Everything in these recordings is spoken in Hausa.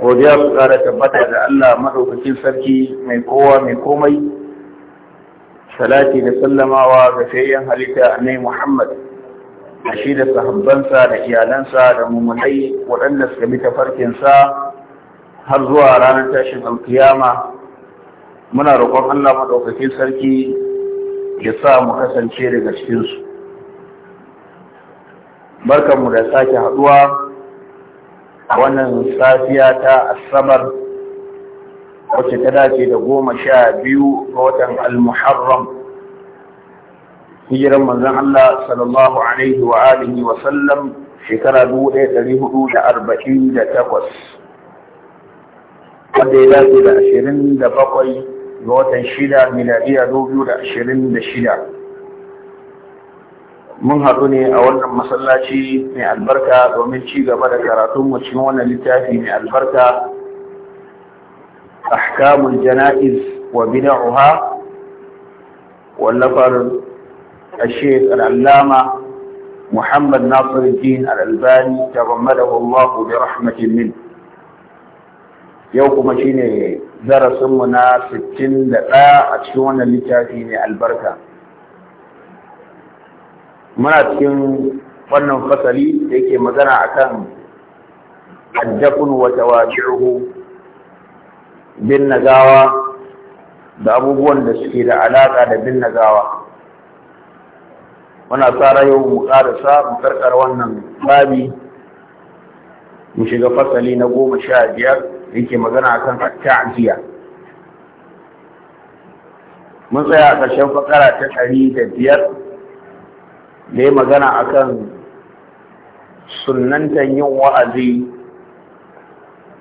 godiya su ƙara tabbata da Allah maɗaukakin sarki mai kowa mai komai salati da sallamawa ga fayyan halitta annai Muhammad a shi da sahabbansa da iyalansa da mummunai waɗanda suka bi tafarkinsa har zuwa ranar tashin alkiyama muna roƙon Allah maɗaukacin sarki ya sa mu kasance daga cikinsu barkanmu da sake haɗuwa a wannan safiya ta asabar wacce ta dace da goma sha biyu ga watan al-muharram hijiran manzon Allah sallallahu alaihi wa alihi wa sallam shekara 1448 wanda ya dace da 27 ga watan shida miladiya 2026 mun haɗu ne a wannan masallaci mai albarka domin ci gaba da karatun mu cikin wannan littafi mai albarka ahkamul jana'iz wa bid'uha wallafar الشيخ العلامة محمد ناصر الدين الألباني تضمده الله برحمة منه يوكم شيني درس منا ستين لقاء أتشون اللي mai البركة muna cikin wannan fasali da yake magana akan addafun wa tawabi'uhu bin nagawa da abubuwan da suke da alaƙa da bin gawa. muna tsara yau mu sa mu karkar wannan babi mu shiga fasali na goma sha biyar da yake magana akan ta'ziya mun tsaya a ƙarshen fakara ta ɗari da biyar da ya magana akan sunnantan yin wa'azi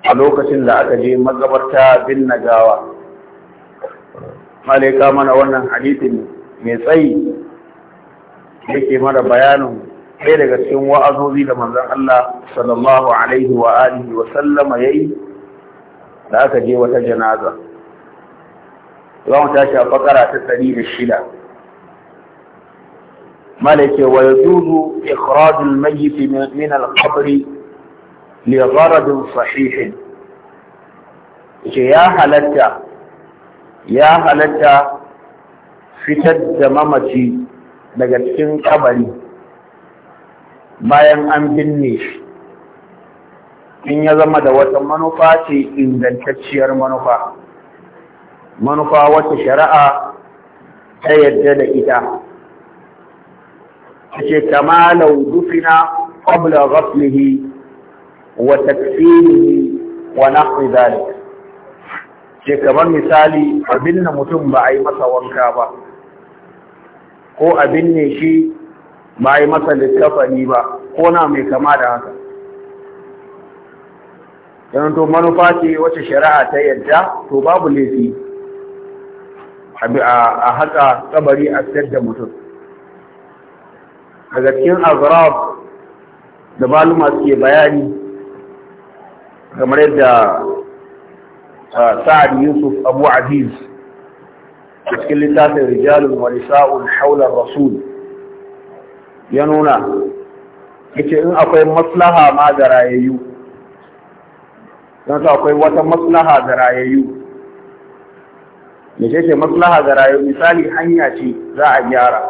a lokacin da aka je magabarta bin nagawa malaika mana wannan hadithin mai tsayi yake mana bayanin ɗaya daga cikin wa'azozi da manzon Allah sallallahu alaihi wa wa sallama yayi da aka je wata janaza za mu tashi a fakara ta shida. ملك ويجوز إخراج الميت من القبر لغرض صحيح يا هلتا Ya halatta fitar da mamaci daga cikin kabari bayan an binne shi in ya zama da wata manufa ce ingantacciyar manufa manufa wata shari'a ta yadda da ita ce kama laudufina dufina qabla ghaflihi wa takfinihi wa nahwi dhalik ce kamar misali abin na mutum ba a yi masa wanka ba ko abin ne shi ba a yi masa littafani ba ko na mai kama da haka yanzu to manufa ce wacce shari'a ta yadda to babu laifi a haka kabari a siyar da mutum daga cikin azraf da maluma suke bayani kamar yadda ah, sa'ad yusuf abu aziz a cikin littafin rijalun wa nisa'un haular rasul ya nuna ce in akwai maslaha ma da rayayyu don akwai wata maslaha da rayayyu da ce maslaha ga rayu misali hanya ce za a gyara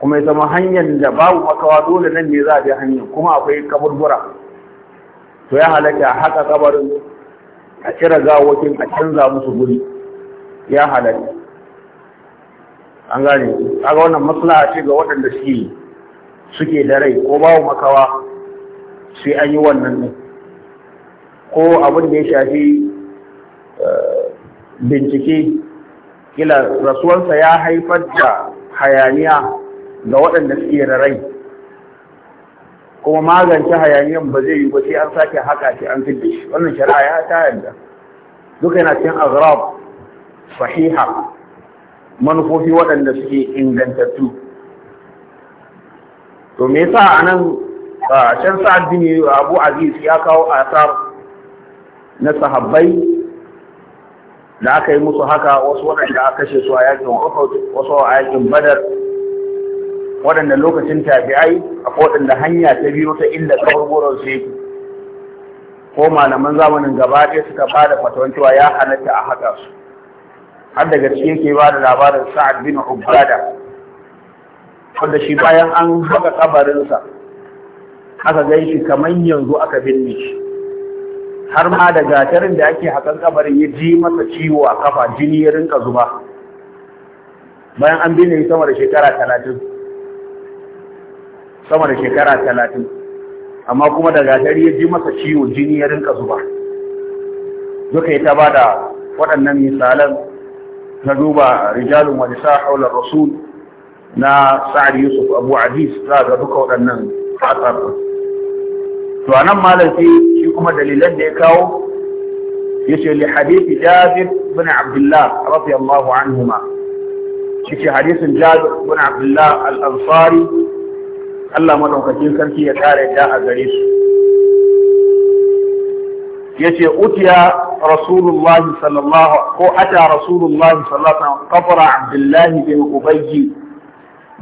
kuma ya zama hanyar da babu makawa dole nan ne za a bi hanyar kuma akwai kaburbura to ya halatta a haka kabarin a cire gawakin a canza musu guri ya halatta an gane kaga wannan maslaha ce ga waɗanda suke suke da rai ko babu makawa sai an yi wannan ne ko abin da ya shafi eh, bincike kila rasuwarsa ya haifar da hayaniya ga waɗanda suke da rai kuma magance hayaniyan ba zai yi ba sai an sake haka shi an fidda shi wannan shari'a ya ta yarda duka yana cikin azrab sahiha manufofi waɗanda suke ingantattu to me yasa anan can sa'ad bin Abu Aziz ya kawo asar na sahabbai da aka yi musu haka wasu waɗanda aka kashe su a yakin wasu a yakin Badar waɗanda lokacin tabi'ai akwai waɗanda hanya ta biyu ta inda kaburburan su yake ko malaman zamanin gaba ɗaya suka ba da fatawan cewa ya halatta a haɗa su har daga ciki yake ba da labarin sa'ad bin ubada wanda shi bayan an haka kabarinsa aka gan shi kamar yanzu aka binne shi har ma da gatarin da ake hakan kabarin ya ji masa ciwo a kafa jini ya rinka zuba bayan an binne sama da shekara talatin sama da shekara talatin amma kuma da gatari ya ji masa ciwo jini ya rinka zuba duka ya ta da waɗannan misalan na duba rijalun wani sa haular rasul na sa'ad yusuf abu aziz za ga duka waɗannan fatar to nan malafi shi kuma dalilan da ya kawo ce li hadithi jabir bin abdullah radiyallahu anhuma shi hadisin jabir bin abdullah al-ansari Allah madaukakin sarki ya kare ta a gare su yace utiya rasulullah sallallahu ko ata rasulullah sallallahu alaihi wasallam qabra abdullah bin ubayy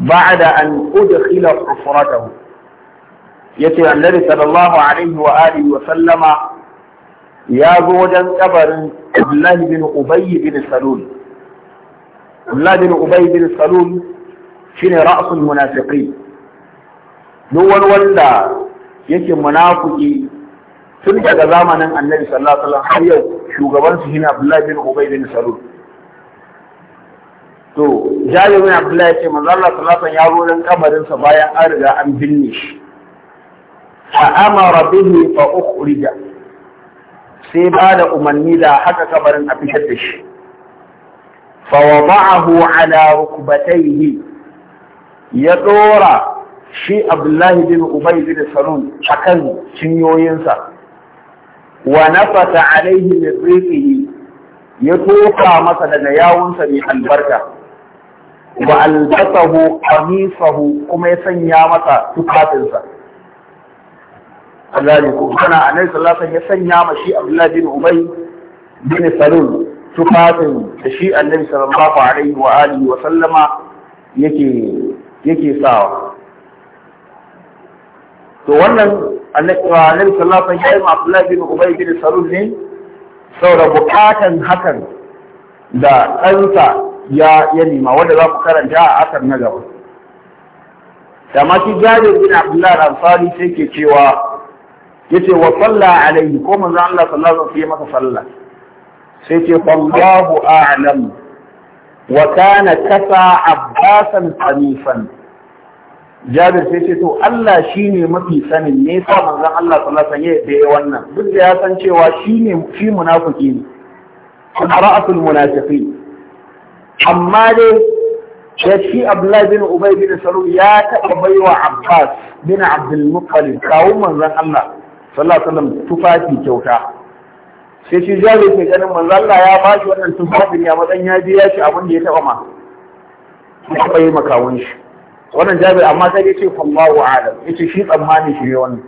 ba'da an udkhila hufratahu yace annabi sallallahu alaihi wa alihi wa sallama ya zo wajen kabarin abdullah bin ubayy bin salul abdullah bin ubayy bin salul shine ra'sul munafiqin duk wani wanda yake munafuki tun daga zamanin annabi sallallahu alaihi wasallam har yau shugaban su shine Abdullahi bin Ubay bin Salul to Jabir bin Abdullahi ce manzo Allah sallallahu alaihi wasallam ya zo nan kamarin sa bayan an riga an binne shi fa amara bihi fa ukhrija sai ba da umarni da haka kabarin a fitar da shi fa wada'ahu ala rukbatayhi ya dora shi abdullahi bin ubay bin a kan cinyoyinsa wa nafata alaihi min riqihi ya toka masa daga yawunsa mai albarka wa albasahu qamisahu kuma ya sanya masa tufafinsa Allah ko kana annabi sallallahu alaihi ya sanya ma shi Abdullahi bin Ubay bin Salul tufafin da shi annabi sallallahu alaihi wa alihi wa sallama yake yake sawa to wannan annabi sallallahu alaihi wasallam Abdullahi bin Ubay bin Salul ne saboda bukatan hakan da ɗansa ya ya nima wanda za ku karanta a asar na gaba da ma shi Jabir bin Abdullah al-Ansari sai ke cewa yace wa salla alaihi ko manzo Allah sallallahu alaihi wasallam masa sallah sai ce wallahu a'lam wa kana kasa abbasan qamisan jabir sai ce to Allah shi ne mafi sanin me yasa manzon Allah sallallahu alaihi wasallam ya yi wannan duk da ya san cewa shi ne shi munafiki ne ra'atul munafiqin amma dai ya shi Abdullahi bin Ubay bin Salul ya taɓa baiwa Abbas bin Abdul Muttalib kawun manzon Allah sallallahu alaihi wasallam tufafi kyauta sai shi jabir ke ganin manzon Allah ya ba shi wannan tufafin ya matsayin ya biya shi abin da ya taɓa ma ya taɓa yi makawun shi wannan jabir amma sai dai ce wallahu alam yace shi tsammani shi ne wannan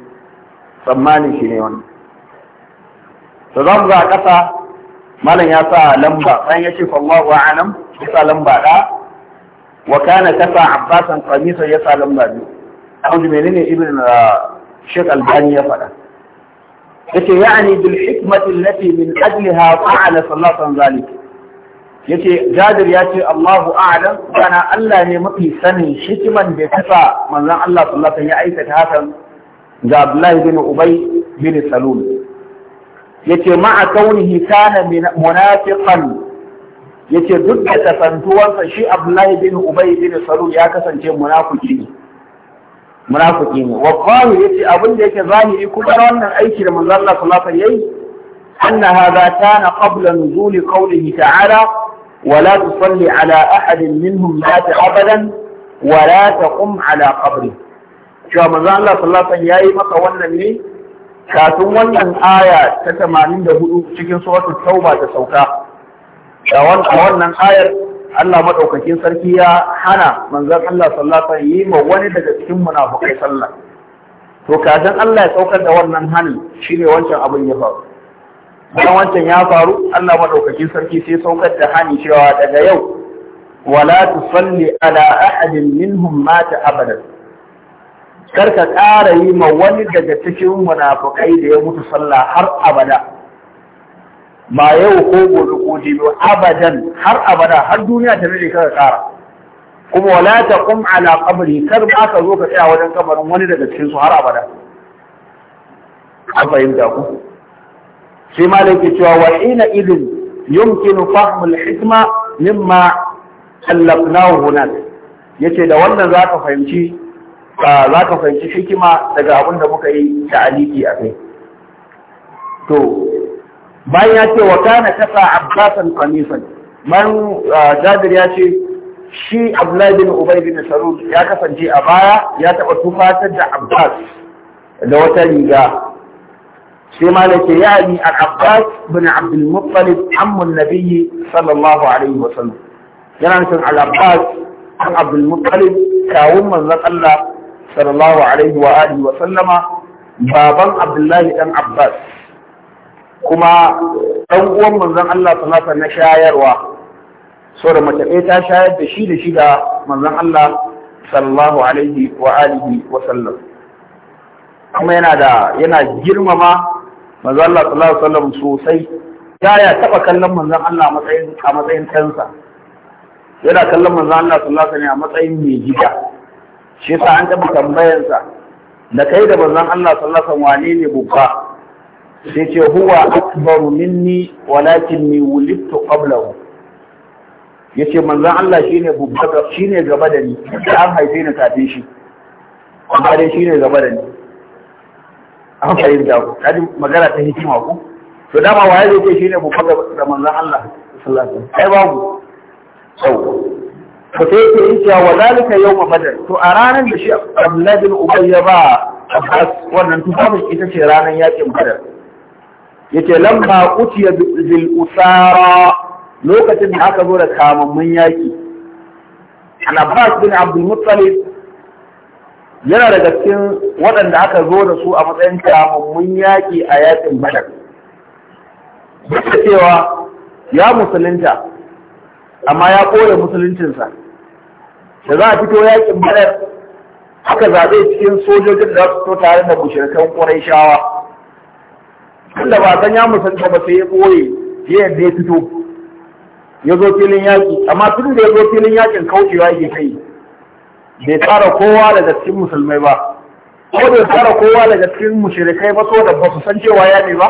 tsammani shi ne wannan to za mu ga kasa malam ya sa lamba dan yace wallahu alam ya sa lamba da wa kana kasa abbasan qamisa ya sa lamba biyu an ji menene ibn uh, Sheikh Albani ya faɗa yace ya'ni bil hikmati allati min ajliha fa'ala sallallahu alaihi wasallam zalika yace Jabir ya ce Allahu a'lam kana Allah ne mafi sani hikiman da tafa manzon Allah sallallahu alaihi wasallam ya aikata hakan ga Abdullah bin Ubay bin Salul yace ma'a kaunihi kana munafiqan yace duk da kasantuwarsa shi Abdullah bin Ubay bin Salul ya kasance munafiki ne munafiki ne wa qalu yace abin da yake zahiri kuma wannan aiki da manzon Allah sallallahu alaihi wasallam yayi anna hadha kana qabla nuzuli qawlihi ta'ala ولا تصلي على أحد منهم مات أبدا ولا تقم على قبره cewa manzo Allah sallallahu alaihi wasallam yayi maka wannan ne kafin wannan aya ta hudu cikin suratul tauba ta sauka da wannan wannan ayar Allah madaukakin sarki ya hana manzo Allah sallallahu alaihi yi ma wani daga cikin munafukai sallah to kafin Allah ya saukar da wannan hanin shine wancan abin ya faru bayan wancan ya faru Allah madaukakin sarki sai saukar da hani cewa daga yau wala tusalli ala ahadin minhum mata abadan karka ƙara yi ma wani daga cikin munafukai da ya mutu sallah har abada Ma yau ko gobe ko jibi abadan har abada har duniya ta nade kaka ƙara kuma wala ta kum ala qabri kar ba ka zo ka tsaya wajen kabarin wani daga cikin su har abada an fahimta ku sai malam ke cewa wa ina idin yumkinu fahmul hikma mimma allafnahu Ya yace da wannan za fahimci fahimci hikima daga abin da muka yi ta aliki a kai to bayan ya ce wa kana kasa abbasan qamisan man jabir ya ce shi Abdullahi bin Ubay bin Salul ya kasance a baya ya taɓa tufatar da Abbas da wata riga sai ma da ke yani al-abbas bin abdul muttalib ammun nabiyyi sallallahu alaihi wa sallam yana nufin al-abbas bin abdul muttalib kawun manzon Allah sallallahu alaihi wa alihi wa sallama baban abdullahi dan abbas kuma dan uwan manzon Allah sallallahu alaihi na shayarwa da mace ɗaya ta shayar da shi da shi da manzon Allah sallallahu alaihi wa alihi wa sallam kuma yana da yana girmama manzo Allah sallallahu alaihi wasallam sosai yaya taba kallon manzon Allah a matsayin a matsayin kansa yana kallon manzon Allah sallallahu alaihi wasallam a matsayin mai gida shi yasa an taba tambayar sa da kai da manzon Allah sallallahu alaihi wasallam wane ne babba sai ce huwa akbaru minni walakinni wulidtu qablahu yace manzon Allah shine babba shine gaba da ni an haife ni kafin shi amma dai shine gaba da ni an fahimta ku kaji magana ta hikima ku to dama waye zai ce shine babban da manzon Allah sallallahu alaihi wasallam ai babu sau to sai yake yin cewa wazalika yawma badar to a ranar da shi Abdullah bin Ubay ya ba Abbas wannan tufafin ita ce ranar yakin badar yace lamma utiya bil usara lokacin da aka zo da kamammun yaki an Abbas bin Abdul Muttalib yana daga cikin waɗanda aka zo da su a matsayin mun yaƙi a yaƙin badar duk da cewa ya musulunta amma ya kore musuluncinsa da za a fito yaƙin badar aka zaɓe cikin sojojin da su fito tare da mushrikan ƙurayshawa tunda ba san ya musulunta ba sai ya ɓoye ya yadda ya fito ya zo filin yaƙi amma tun da ya zo filin yaƙin kaucewa yake kai bai tsara kowa daga cikin musulmai ba ko bai tsara kowa daga cikin mushrikai ba saboda ba su san cewa ya ne ba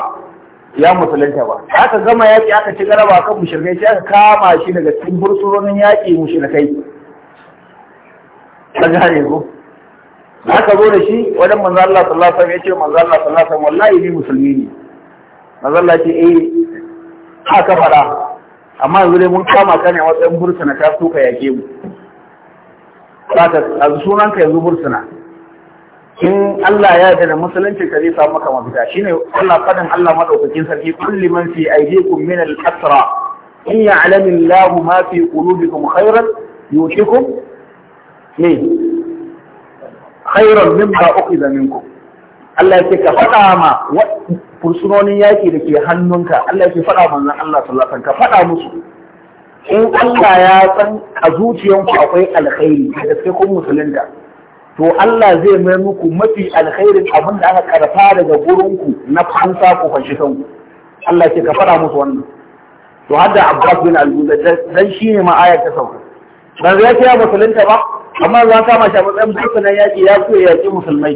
ya musulunta ba aka gama yaƙi aka ci garaba kan mushrikai sai aka kama shi daga cikin burtsuronin yaƙi mushrikai ka gane ko aka zo da shi wajen manzo Allah sallallahu alaihi wasallam ya ce manzo Allah sallallahu alaihi wasallam wallahi ni musulmi ne manzo Allah ce eh aka fara amma yanzu dai mun kama kane a matsayin burtsa na ka ka yake mu zaka yanzu sunanka yanzu bursuna in Allah ya yarda da musulunci ka zai samu maka mafita shine Allah fadin Allah madaukakin sarki kulli man fi aydikum min al-asra in ya'lamu Allah ma fi qulubikum khairan yutikum ne khairan mimma ukhidha minkum Allah ya ce ka faɗa ma fursunonin yaƙi da ke hannunka Allah ya ce faɗa manzon Allah sallallahu alaihi wasallam ka faɗa musu in Allah ya san a zuciyanku akwai alkhairi da sai kun musulunta to Allah zai mai muku mafi alkhairin abin da aka karfa daga gurinku na fansa ku fashi kanku Allah ce ka fara musu wannan to hadda da Abbas bin Al-Juda dan shine ma ayar ta sauka dan zai ya musulunta ba amma za ka mashi a matsayin burkunan yaƙi ya so ya musulmai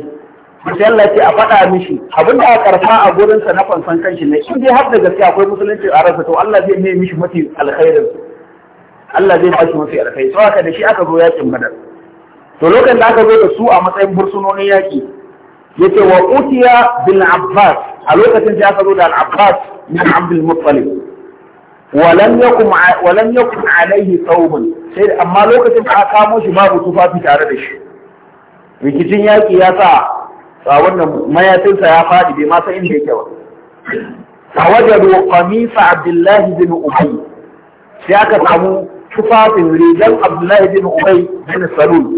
sai Allah ce a faɗa mishi abin da aka karfa a gurinsa na fansan kanshi ne in dai har da gaske akwai musulunci a rasa to Allah zai mai mishi mafi alkhairin Allah zai bashi mafi alkai to haka da shi aka zo yakin badar to lokacin da aka zo da su a matsayin bursunonin yaki yace wa utiya bil abbas a lokacin da aka zo da al abbas min abdul muttalib walam yakum walam yakum alaihi thawbun sai amma lokacin da aka kamo shi babu tufafi tare da shi rikicin yaki ya sa a wannan mayatinsa ya faɗi bai ma san inda yake ba fa wajadu qamisa abdullahi bin ubay sai aka samu tufafin rigan Abdullahi bin Ubay bin Salul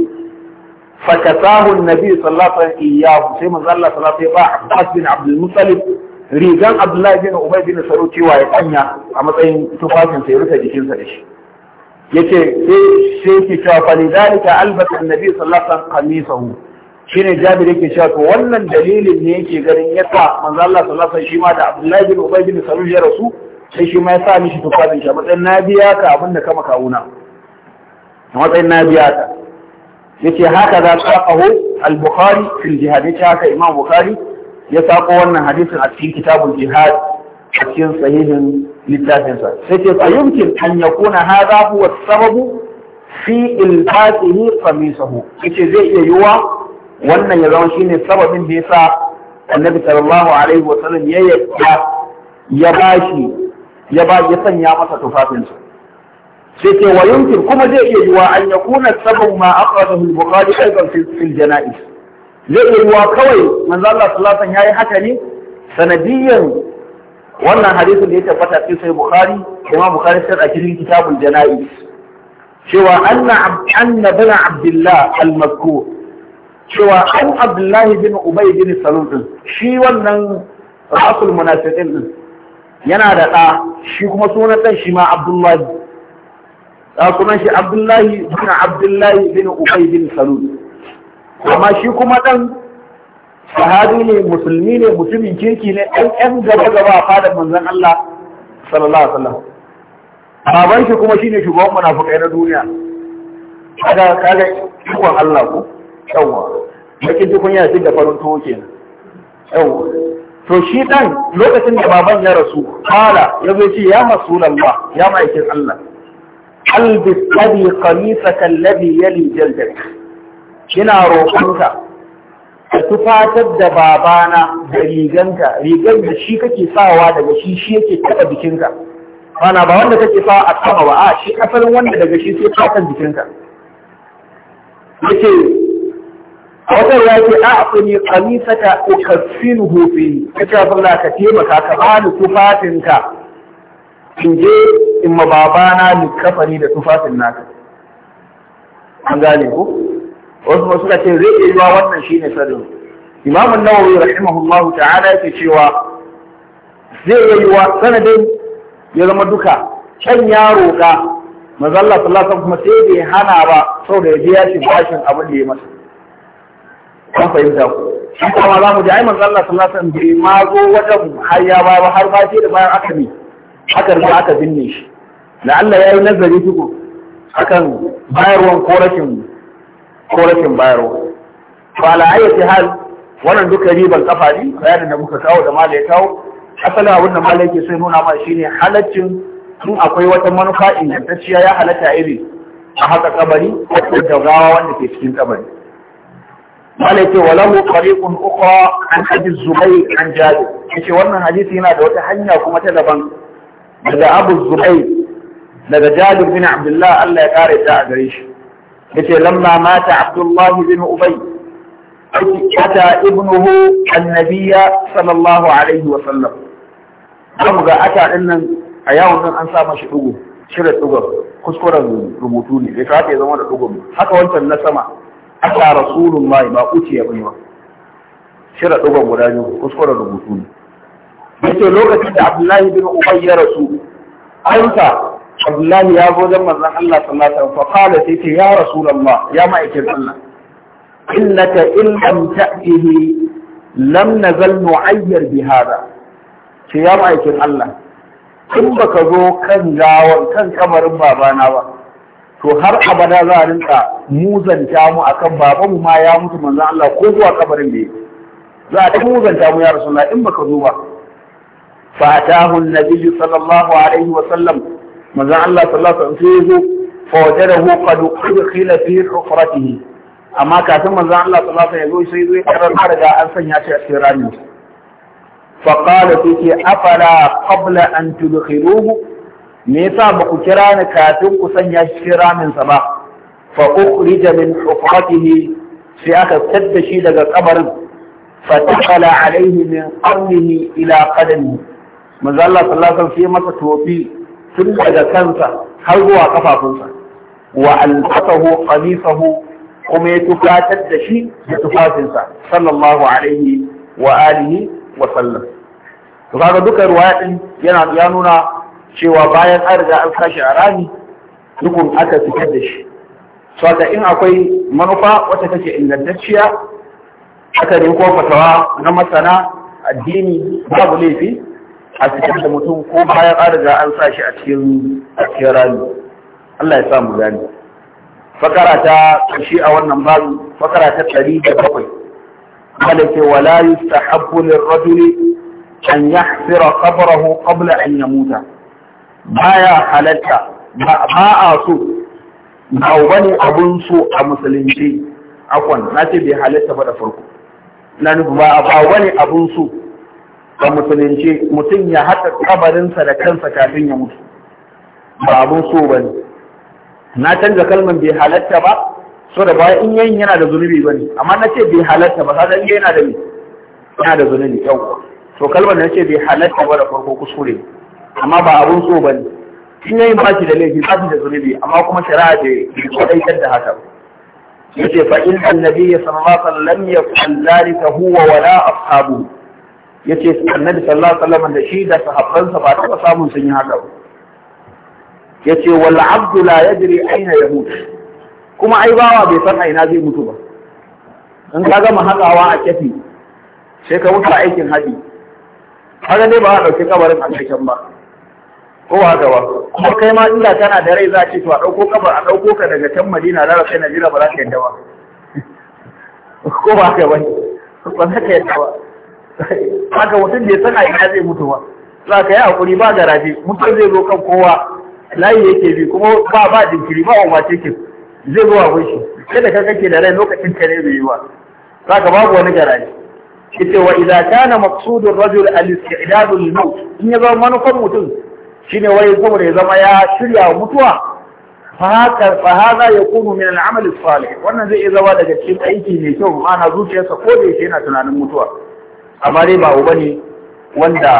فكساه النبي صلى الله عليه وسلم إياه سيما قال الله صلى الله عليه وسلم عباس بن عبد المطلب ريجان عبد الله بن أبي cewa ya kanya a matsayin tufafin sai rufe jikinsa da shi yace sai sai ki cewa fa lidalika albat annabi sallallahu alaihi wasallam qamisahu shine jabir yake cewa to wannan dalilin ne yake ganin yasa manzo Allah sallallahu alaihi wasallam shi ma da Abdullahi bin Ubay bin Salul ya rasu sai shi ma ya sa mishi tufafin shi a matsayin na biya ka abin da kama kawuna a matsayin na biya ka ya ce haka za ta aho al-bukhari fil jihad ya ce haka imam bukhari ya sako wannan hadisin a cikin kitabun jihad a cikin sahihin littafinsa sai ce fa yumkin an yakuna hadha huwa sababu fi ilfatihi qamisahu yace zai iya yiwa wannan ya zama shine sababin da yasa annabi sallallahu alaihi wasallam ya yadda ya bashi ya ba ya sanya masa tufafinsa sai ce wa yumkin kuma zai iya yiwa an ya kuna sabon ma akhrajahu al-bukhari aidan fil janaiz zai iya yiwa kawai manzo Allah sallallahu alaihi yayi haka ne sanadiyan wannan hadisin da ya tabbata cikin sai bukhari kuma bukhari sai a cikin kitabul janaiz cewa anna anna bin abdullah al-mazkur cewa an abdullahi bin ubay bin salul shi wannan rasul munafiqin din yana da ɗa shi kuma sunan ɗan shi ma abdullahi ɗa sunan shi abdullahi bin abdullahi bin ubay bin salul amma shi kuma ɗan sahabi ne musulmi ne mutumin kirki ne ɗan ɗan gaba gaba a fadar manzon Allah sallallahu alaihi wasallam baban shi kuma shine shugaban munafikai na duniya kaga kaga ikon Allah ko yawa bakin tukun ya da farin tuwo kenan yawa to shi ɗan lokacin da baban ya rasu kala ya zo ce ya rasulallah ya ma'aikin Allah albis kamisa qamisaka ya yali jaldak kina roƙonka ka tufatar da babana da riganka rigar da shi kake sawa daga shi shi yake taɓa bikinka. mana ba wanda kake sawa a sama ba a shi asalin wanda daga shi sai fatan bikinka yace wajen ya ce a abu ne kamisata ukafin hufi ka ce abin ka taimaka ka bani tufafinka in je in ma babana ni da tufafin naka an gane ku? wasu masu ka ce zai iya yiwa wannan shine sadin imamun nawawi rahimahullahu ta'ala yake cewa zai yi yiwa sanadin ya zama duka can ya roƙa mazalla sallallahu alaihi kuma sai bai hana ba saboda ya je ya bashin abin da ya masa an fahimta ku shi kuma za mu ji ai manzo Allah sallallahu alaihi wasallam ma zo wajen har ya ba har ba da bayan aka bi aka riga aka binne shi da Allah ya yi nazari tuku akan bayarwan korafin rashin bayarwa to ala hal wannan duka riban kafa ne bayanin da muka kawo da malai kawo asalin abin da malai ke sai nuna ma shine halaccin in akwai wata manufa ingantacciya ya halatta iri a haka kabari ko gawa wanda ke cikin kabari bala ce wa lahu tariqun ukhra an hadith zubayr an jabir yace wannan hadisi yana da wata hanya kuma ta daban daga abu zubayr daga jabir bin Allah ya kare ta a gare shi yace lamma mata abdullah bin ubay kata ibnuhu annabiyya sallallahu alaihi wa sallam kuma ga aka dinnan a yawon nan an sa mashi dugu shirin dugu kuskuren rubutu ne da ya zama da dugu haka wancan na sama aka rasulullahi ba uciya bai ba shira dogon guda biyu kuskure rubutu ne yace lokacin da Abdullahi bin Ubay ya rasu ayyuka Abdullahi ya zo zan manzon Allah sallallahu alaihi wasallam fa qala sai ce ya rasulullah ya ma'aikin Allah innaka in lam ta'tihi lam nazal nu'ayyir bi hada ce ya ma'aikin Allah in baka zo kan gawan kan kamarin babana ba to har abada za a rinka muzanta mu akan babanmu ma ya mutu manzon Allah ko zuwa kabarin da yake za a ta muzanta mu ya rasulullah in baka zo ba fa atahu an-nabiy sallallahu alaihi wa sallam manzon Allah sallallahu alaihi wa sallam sai fa wajadahu qad udkhila fi hufratihi amma kafin manzon Allah sallallahu alaihi wa sallam ya zo sai zai karar har da an sanya shi a cikin ramin fa qala tuki afala qabla an tudkhiluhu me yasa ba ku kira ni kafin ku sanya shi cikin raminsa ba fa ukhrija min hufratihi sai aka tadda shi daga kabarin fa taqala alaihi min qarnihi ila qadami manzo Allah sallallahu alaihi wasallam masa tofi tun daga kansa har zuwa kafafunsa wa alfatahu qamisahu kuma ya tufatar da shi da tufafinsa sallallahu alaihi wa alihi wa sallam to kaga duka ruwaya din yana ya nuna cewa bayan an riga an sashi a rami dukun aka fitar da shi saka in akwai manufa wata take ingantacciya aka ne ko fatawa na masana addini babu laifi a cikin da mutum ko bayan an riga an sashi a cikin cikin rami Allah ya sa mu gani fakara ta kashi a wannan babu fakara ta 107 malaka wala yustahabbu lirrajuli an yahsira qabrahu qabla an yamuta baya halatta ba a so ba wani abun so a musulunci akwan na ce bai halatta ba da farko na nufi ba ba wani abun so a musulunci mutum ya haɗa kabarinsa da kansa kafin ya mutu ba abun so ba ne na canza kalman bai halatta ba so da ba in yayin yana da zunubi ba ne amma na ce bai halatta ba sai yana da yana da zunubi yau to kalmar na ce bai halatta ba da farko kuskure ne amma ba abun so ba ne shi yayin ba shi da laifi ba shi da zunubi amma kuma shari'a ce kwadaitar da haka yace fa in annabi sallallahu alaihi wasallam ya fa'al zalika huwa wala ashabu yace annabi sallallahu alaihi wasallam da shi da sahabbansa ba taɓa samun sun yi haka ba yace wal abdu la yadri aina yamut kuma ai bawa bai san aina zai mutu ba in ka gama hakawa a kafi sai ka wuce aikin haji kaga dai ba a ɗauki kabarin a cikin ba ko ba kuma kai ma inda kana da rai za a ce to a ɗauko kabar a ɗauko ka daga can Madina za kai jira ba za ka yadda ba ko ba ka ba ba za ka yadda ba haka mutum da ya san a ina zai mutu ba za ka yi hakuri ba garaje mutum zai zo kan kowa layi yake bi kuma ba ba jinkiri ba umarce ke zai zo a shi sai da kanka ke da rai lokacin ka ne bai yi ba za ka babu wani garaje ita wa idza kana maqsudur rajul al istidadul lil-maut in ya zama manufar mutum shine wai saboda ya zama ya shirya mutuwa fahakar fahaza ya kunu min al'amali salih wannan zai iya zama daga cikin aiki mai kyau ma'ana zuciyarsa ko da yake yana tunanin mutuwa amma dai ba uba ne wanda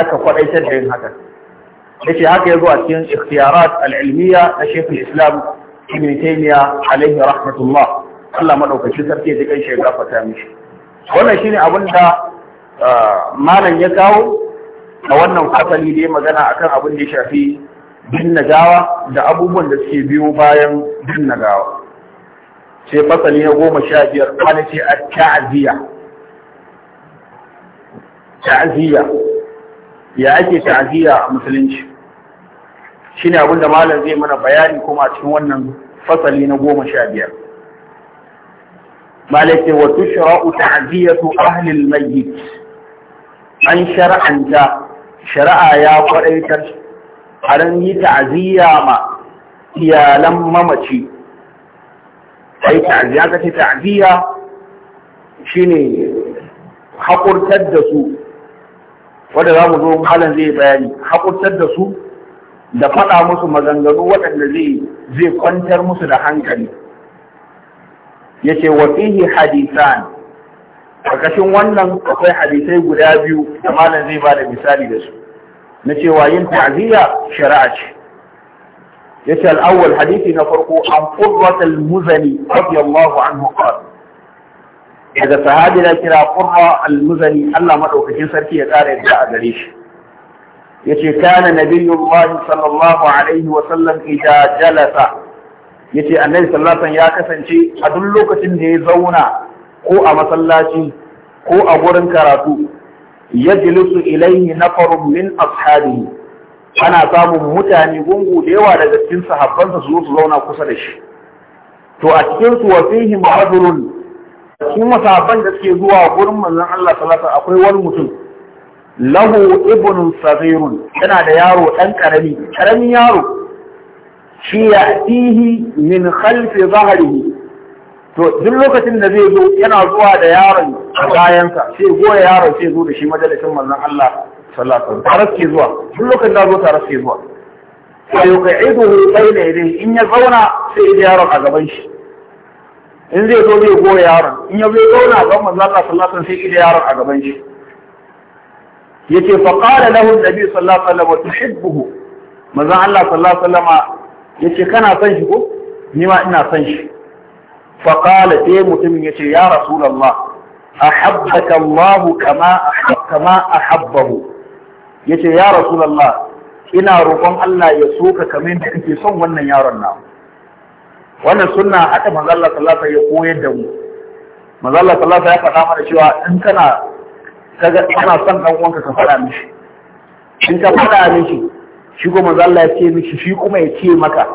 aka kwadaitar da yin haka yake haka yazo a cikin ikhtiyarat al-ilmiya na Sheikh islam Ibn Taymiyyah alaihi rahmatullah Allah madaukakin sarki da kai shi gafarta mishi wannan shine abin da ah, malam ya kawo a wannan fasali dai magana akan abin da ya shafi binne gawa da abubuwan da suke biyo bayan binne gawa sai fasali na goma sha biyar wani ce a ta'aziyya ta'aziyya ya ake ta'aziyya a musulunci shine abin da malam zai mana bayani kuma a cikin wannan fasali na goma sha biyar malaka wa tushra'u ta'ziyatu ahli al-mayyit an shar'anta shari'a ya a ran yi ta'aziyya ma iyalan mamaci sai ta'aziyya ka ce ta'aziyya ne haƙurtar da su wanda za mu zo halin zai bayani haƙurtar da su da faɗa musu maganganu waɗanda zai zai kwantar musu da hankali ce wa fihi hadisan Karkashin wannan akwai hadisai guda biyu da malam zai ba da misali da su. Na cewa yin ta'aziyya shari'a ce. Yace al-awwal hadisi na farko an Qurrat al-Muzani radiyallahu anhu qala. Daga sahabi da kira Qurra al-Muzani Allah madaukakin sarki ya kare da a gare shi. yace kana nabiyullahi sallallahu alaihi wa sallam idza jalasa yace annabi sallallahu ya kasance a duk lokacin da ya zauna ko a masallaci ko a gurin karatu yajlisu ilayhi nafarun min ashabihi ana samun mutane gungu da yawa daga cikin sahabbansa su zo su zauna kusa da shi to a cikin su wasihim rajulun cikin masahabban da suke zuwa gurin manzon Allah sallallahu alaihi akwai wani mutum lahu ibnun saghirun yana da yaro dan karami karamin yaro shi ya'tihi min khalfi zahrihi to duk lokacin da zai zo yana zuwa da yaron a bayansa sai goya yaron sai zo da shi majalisin manzon Allah sallallahu alaihi wasallam taraske zuwa duk lokacin da zo taraske zuwa sai ya kai ido bayna yadayhi in ya zauna sai ya yaron a gaban shi in zai zo zai goya yaron in ya zai zauna a gaban manzon Allah sallallahu alaihi wasallam sai ya yaron a gaban shi yace fa qala lahu an-nabi sallallahu alaihi wasallam tuhibbuhu manzon Allah sallallahu alaihi wasallam yace kana son shi ko ni ma ina son shi faƙala mutumin ya ce ya rasulallah ahabbaka Allah kama kama ahabbahu yace ya rasulullah ina roƙon Allah ya soka kamar da kake son wannan yaron na wannan sunna haka manzo Allah sallallahu alaihi ya koyar da mu manzo Allah sallallahu alaihi ya faɗa mana cewa in kana kaga kana son dan uwanka ka faɗa mishi in ka faɗa mishi shi ko manzo ya mishi shi kuma ya maka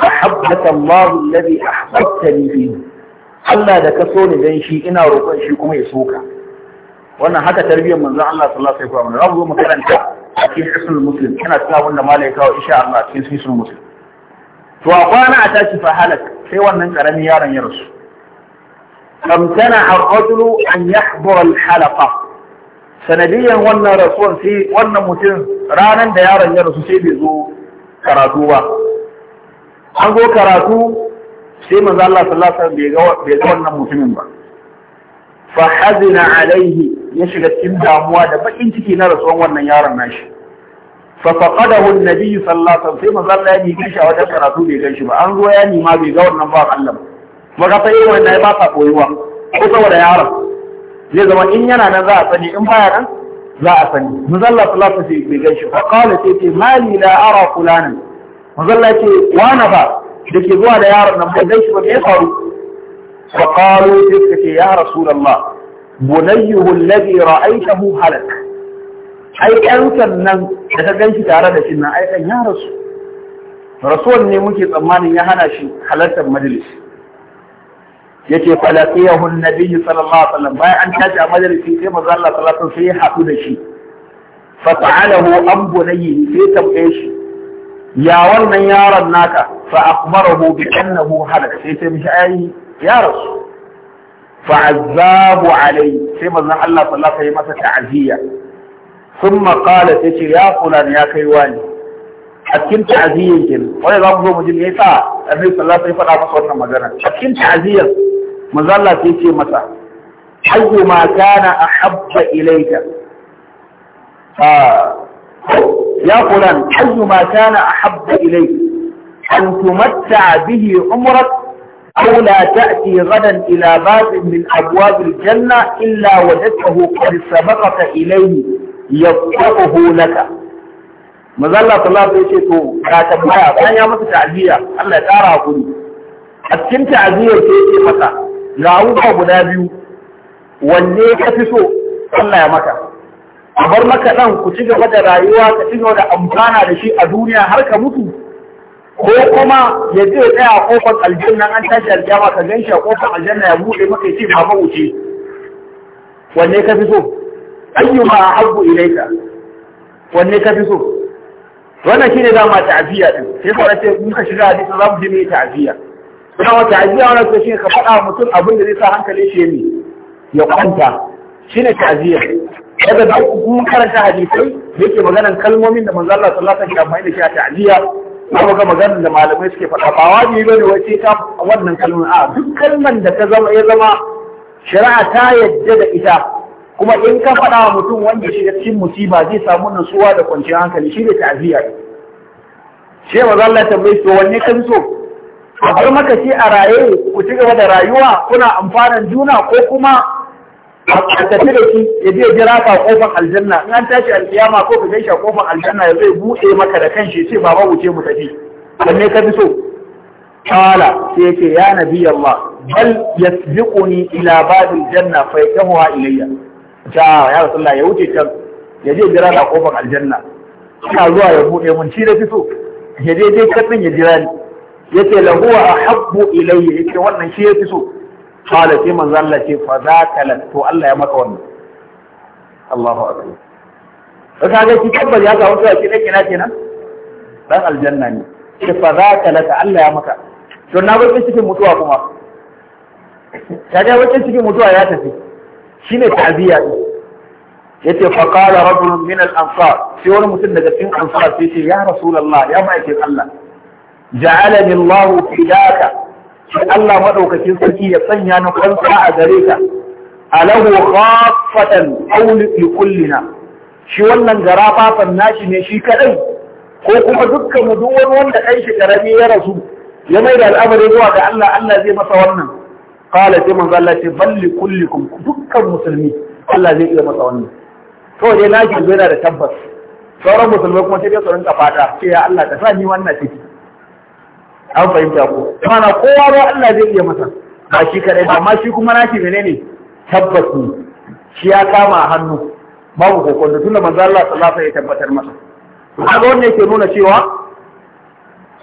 ahabbaka Allahu alladhi ahbabtani fihi Allah da ka so ni dan shi ina roƙon shi kuma ya soka wannan haka tarbiyyar manzon Allah sallallahu alaihi wasallam rabu zo makaranta a cikin hisnul muslim ina tuna wanda malai kawo insha Allah cikin hisnul muslim to a kwana a tashi fa halak sai wannan karamin yaron ya rasu famtana ar-rajulu an yahdura al-halaqa sanadiyan wannan rasuwan sai wannan mutum ranar da yaron ya rasu sai bai zo karatu ba an zo karatu sai manzo Allah sallallahu alaihi wasallam bai ga wannan mutumin ba fa hazina alaihi ya shiga cikin damuwa da bakin ciki na rasuwan wannan yaron nashi fa faqadahu an-nabi sallallahu alaihi wasallam sai manzo Allah ya nemi shi a wajen karatu bai gan shi ba an zo ya nima bai ga wannan ba Allah ba ga fa wannan ba ta koyuwa ko saboda yaron zai zama in yana nan za a sani in baya nan za a sani manzo Allah sallallahu alaihi wasallam bai gan shi fa qala sai ce mali la ara fulanan manzalla ce wani ba da ke zuwa da yaron nan bai shi ba me ya faru fa sai suka ce ya rasu da rasulullah bunayyuhu alladhi mu halak ai ɗan nan da ta ganshi tare da shi nan ai ɗan ya rasu rasuwan ne muke tsammanin ya hana shi halartar majalis ce falaqiyahu an-nabi sallallahu alaihi wasallam bayan an tashi a majalisi sai manzo Allah sallallahu alaihi wasallam sai ya haɗu da shi fa ta'alahu an bunayyi sai tambaye shi يا ولن يرى الناكة فأقبره بأنه حدث سيسا مش آيه يا رسول فعذاب عليه سيما ذنح الله صلى الله عليه وسلم ثم قال سيسا يا فلان يا كيواني أكين تعزية جن ولي ربه مجل يسا إيه أبي صلى الله عليه وسلم صورنا مجرن أكين تعزية مظلة سيسا مسا حيث ما كان أحب إليك آه. يا فلان اي ما كان أحب إليك أن تمتع به عمرك أو لا تأتي غدا إلى باب من أبواب الجنة إلا وجدته قد سبقك إليه يطلقه لك ماذا الله صلى الله عليه وسلم لا تبعى فأني أمس تعزية الله تعالى أقول أتكن تعزية إيه كيف لا أوضع بنابيو والليه كفسو الله يمكن a bar maka ɗan ku ci gaba da rayuwa ka ci gaba da amfana da shi a duniya har ka mutu ko kuma ya je tsaya a kofar aljanna an tashi aljama ka gan shi a kofar aljanna ya buɗe maka ya ce ba ma wuce wanne ka fi so ma habbu ilaika wanne ka fi so wannan shine dama ta'ziya din sai fara ce mun ka shiga hadisi za mu ji mai ta'ziya kuma wata ajiya wannan ko shine ka faɗa mutum abin da zai sa hankalin shi ya kwanta shine ta'ziya kada da kuma karanta hadisai yake maganan kalmomin da manzo Allah sallallahu alaihi wasallam ya da shi a ta'ziya kuma ga da malamai suke faɗa ba wani bane wai sai ka wannan kalmomin a duk kalman da ta zama ya zama shari'a ta yadda da ita kuma in ka faɗa wa mutum wanda shi da cikin musiba zai samu nutsuwa da kwanciyar hankali shi ne ta'ziya shi manzo Allah bai so wanne kan so a bar maka shi a raye ku ci gaba da rayuwa kuna amfanan juna ko kuma a tafi da shi ya je jira ka kofar aljanna in an tashi alkiyama ko ka gaisha kofar aljanna ya zai buɗe maka da kanshi sai baba wuce mu tafi wanne ka fi so kala sai yace ya nabi Allah bal yasbiquni ila babil janna fa yatahuha ilayya ta ya rasulullah ya wuce can ya je jira ka kofar aljanna ina zuwa ya buɗe mun shi da fi so ya je je kadin ya jira ni yace lahu ahabbu ilayya yace wannan shi ya fi so qala sai manzo Allah ce fa zaka lak to Allah ya maka wannan Allahu akbar ka ga ki tabbas ya ga wanda ke dake na kenan dan aljanna ne ce fa zaka lak Allah ya maka to na bar cikin mutuwa kuma kaga wacce cikin mutuwa ya tafi shine ta'ziya din yace fa qala rajulun min al-ansar sai wani mutum daga cikin ansar sai ce ya rasulullah ya ma'aikin Allah ja'alani Allah fidaka sai Allah madaukakin sarki ya sanya na fansa a gare ka alahu khaffatan aw li kullina shi wannan gara fafan nashi ne shi kadai ko kuma dukkan mu duk wani wanda kai shi karami ya rasu ya mai da al'amari zuwa ga Allah Allah zai masa wannan qala sai manzo Allah ce balli kullikum dukkan musulmi Allah zai iya masa wannan to dai na ji yana da tabbas sauran musulmai kuma sai dai su rinka fata sai ya Allah ka sa ni wannan ciki an fahimta ko mana kowa ba Allah zai iya masa ba shi kadai ba amma shi kuma naki menene tabbas ne shi ya kama a hannu babu kokon da tunda manzo Allah sallallahu alaihi ya tabbatar masa kaga wannan yake nuna cewa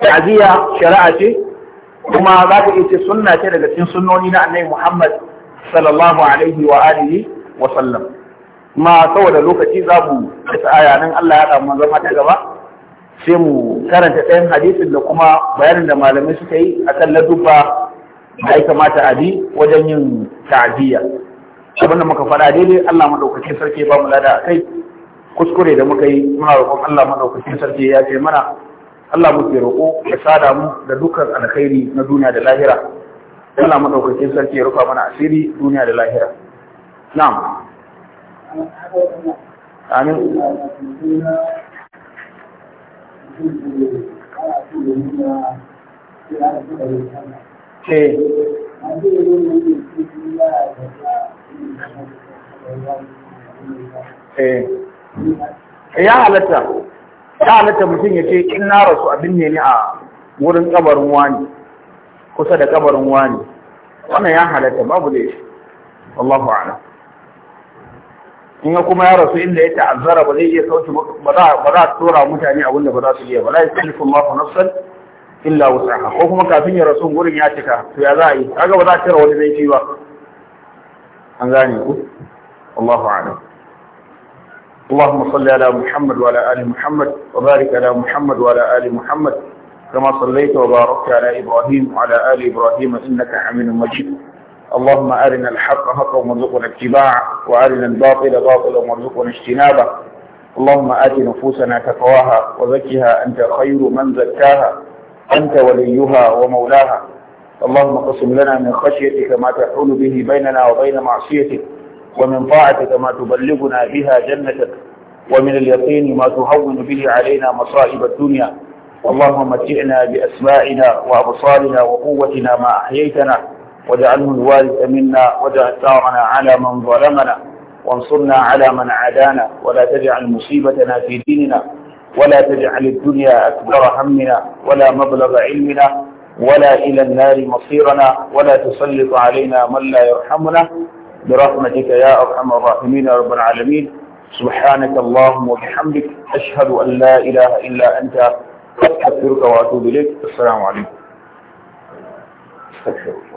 ta'ziya shari'a ce kuma za ka iya ce sunna ce daga cikin sunnoni na Annabi Muhammad sallallahu alaihi wa alihi wa sallam ma saboda lokaci za mu aya nan Allah ya samu zama ta gaba sai mu karanta ɗayan hadisin da kuma bayanin da malamai suka yi a kan ladubba da ya kamata a bi wajen yin ta'aziyya abin da muka faɗa daidai Allah maɗaukakin sarki ba mu lada a kai kuskure da muka yi muna roƙon Allah maɗaukakin sarki ya ce mana Allah muke roƙo ya sada mu da dukkan alkhairi na duniya da lahira Allah maɗaukakin sarki ya rufa mana asiri duniya da lahira na'am amin Eh. Eh, ya halatta ya halatta mutum ya ce in na rasu abin ne ni a wurin kabarin wani kusa da kabarin wani wannan ya halatta babu da shi Allahu a'lam in ya kuma ya rasu inda ya ta'azzara ba zai iya sauki ba za a tura mutane a wanda ba za su iya ba la yukallifu nafsan illa ko kuma kafin ya rasu gurin ya cika to ya za a yi kaga ba za a cire wani laifi ba an gane ku Allahu a'lam اللهم صل على محمد وعلى آل محمد وبارك على محمد وعلى آل محمد كما صليت وباركت على إبراهيم وعلى آل إبراهيم إنك حميد مجيد اللهم أرنا الحق حقا وارزقنا اتباعه وأرنا الباطل باطلا وارزقنا اجتنابه اللهم آت نفوسنا تقواها وزكها أنت خير من زكاها أنت وليها ومولاها اللهم اقسم لنا من خشيتك ما تحول به بيننا وبين معصيتك ومن طاعتك ما تبلغنا بها جنتك ومن اليقين ما تهون به علينا مصائب الدنيا اللهم متعنا بأسماعنا وأبصارنا وقوتنا ما أحييتنا واجعله الوارث منا واجعل ثارنا على من ظلمنا وانصرنا على من عادانا ولا تجعل مصيبتنا في ديننا ولا تجعل الدنيا أكبر همنا ولا مبلغ علمنا ولا إلى النار مصيرنا ولا تسلط علينا من لا يرحمنا برحمتك يا أرحم الراحمين يا رب العالمين سبحانك اللهم وبحمدك أشهد أن لا إله إلا أنت أستغفرك وأتوب إليك السلام عليكم استغفرك